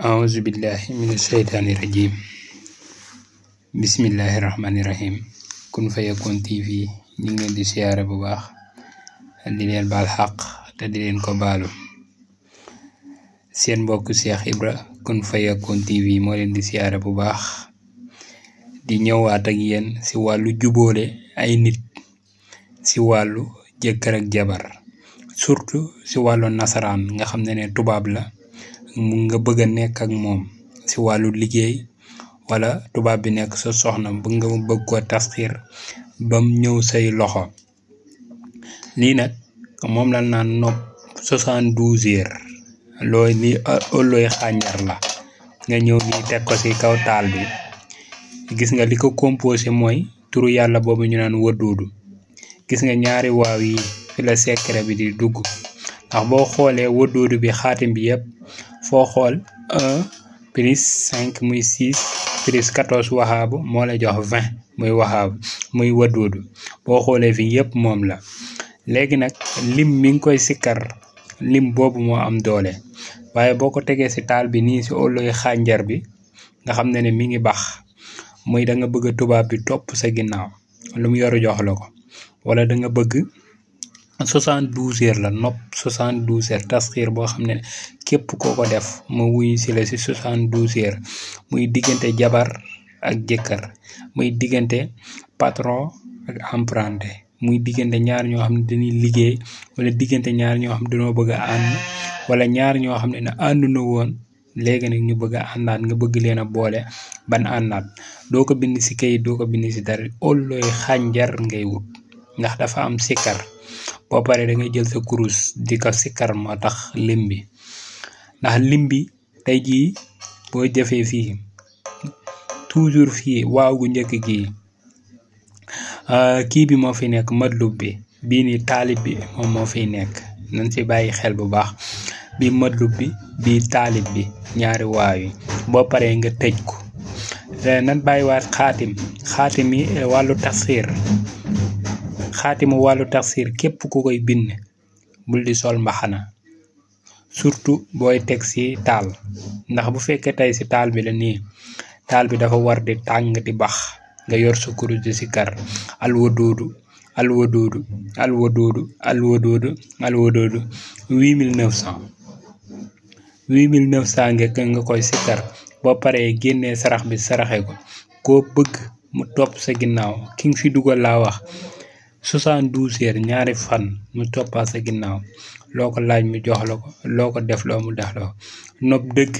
أعوذ بالله من الشيطان الرجيم بسم الله Kun Fayakoun TV ñu ngi di siyaare bu baax di leen baal xaq te di leen ko baalu seen mbokk Cheikh Ibra Kun Fayakoun TV moo leen di siyaare bu baax di ñëwaat ak yen ci wàllu juboole ay nit ci wàllu jëkkër jabar surtout ci wàllu nasaraan nga xam nene ne tubaab la mu nga bëgg a nekk ak moom si wàllu liggéey wala tubaab bi nekk sa soxna bu nga bëgg ko tasxiir bam ñëw say loxo lii nag moom la naan nopp soixante-douze heures looy li ëllooy euh, xàññar la nga ñëw nii teg ko si kaw taal bi gis nga li ko composé mooy turu yàlla boobu ñu naan wëdduudu gis nga ñaari waaw yi fi la secret bi di dugg ndax boo xoolee wëdduudu bi xaatim bi yépp foo xool un plus cinq muy six plus quatorze waxaabu moo la jox vingt muy waxaabu muy waduudu boo xoolee fii yëpp moom la léegi nag lim mi ngi koy sikkar lim boobu moo am doole waaye boo ko tegee ci taal bi nii ci oloy xànjar bi nga xam ne ne mi ngi bax muy danga nga bëgg tubaab bi topp sa ginnaaw lu mu yoru jox la ko wala da bëgg soixante-douze heures la nopp soixante-douze heures tasxiir boo xam ne képp koo ko def ma wuyu si la si 72 heures muy diggante jabar ak jëkkër muy diggante patron ak apprenti muy diggante ñaar ñoo xam ne dañuy liggéey wala diggante ñaar ñoo xam ne dañoo bëgg a ànd wala ñaar ñoo xam ne na ànd woon léegi nag ñu bëgg a àndaat nga bëgg leen a boole ban àndaat doo ko bind si kayit doo ko bind si dara ëllooy xànjar ngay wut ndax dafa am sikkar boo paree da ngay jël sa kurus di ko sikkar moo tax lim bi ndax lim bi tey jii boo jëfee fii toujours fii waaw gu njëkk gii ah, kii bi moo fi nekk madlub bi bii ni taalib bi moom moo fiy nekk nañ ci bàyyi xel bu baax bi madlub bi bii taalib bi ñaari waaw yi boo paree nga tëj ko eh, nan bàyyiwaat xaatim xaatim yi eh, wàllu tafsir xaatimu wàllu tafsir képp ku koy bind bul di sol mbaxana surtout booy teg si taal ndax bu fekkee tey si taal bi la nii taal bi dafa war di tàng di bax nga yor sa kurus di si kar alwadoodu alwadoodu alwadoodu alwadoodu alwadoodu huit mille neuf cent huit mille neuf cent nga koy si kar boo paree génnee sarax bi saraxe ko koo bëgg mu topp sa ginnaaw ki nga fi dugal laa wax 72 heures ñaari fan mu toppaat sa ginnaaw loo ko laaj mu jox la ko loo ko def loo mu dex la ko nopp dëgg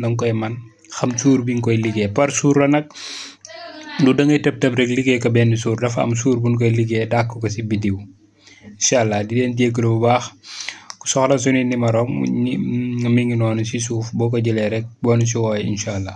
danga koy man xam suur bi nga koy liggéey par suur la nag lu da ngay tëb tëb rek liggéey ko benn suur dafa am suur buñ koy liggéey dàq ko ci biddiw incha allah di leen jégalu bu baax soxla suñu numéro mi ngi noonu ci suuf boo ko jëlee rek boo nu ci woowee incha allah.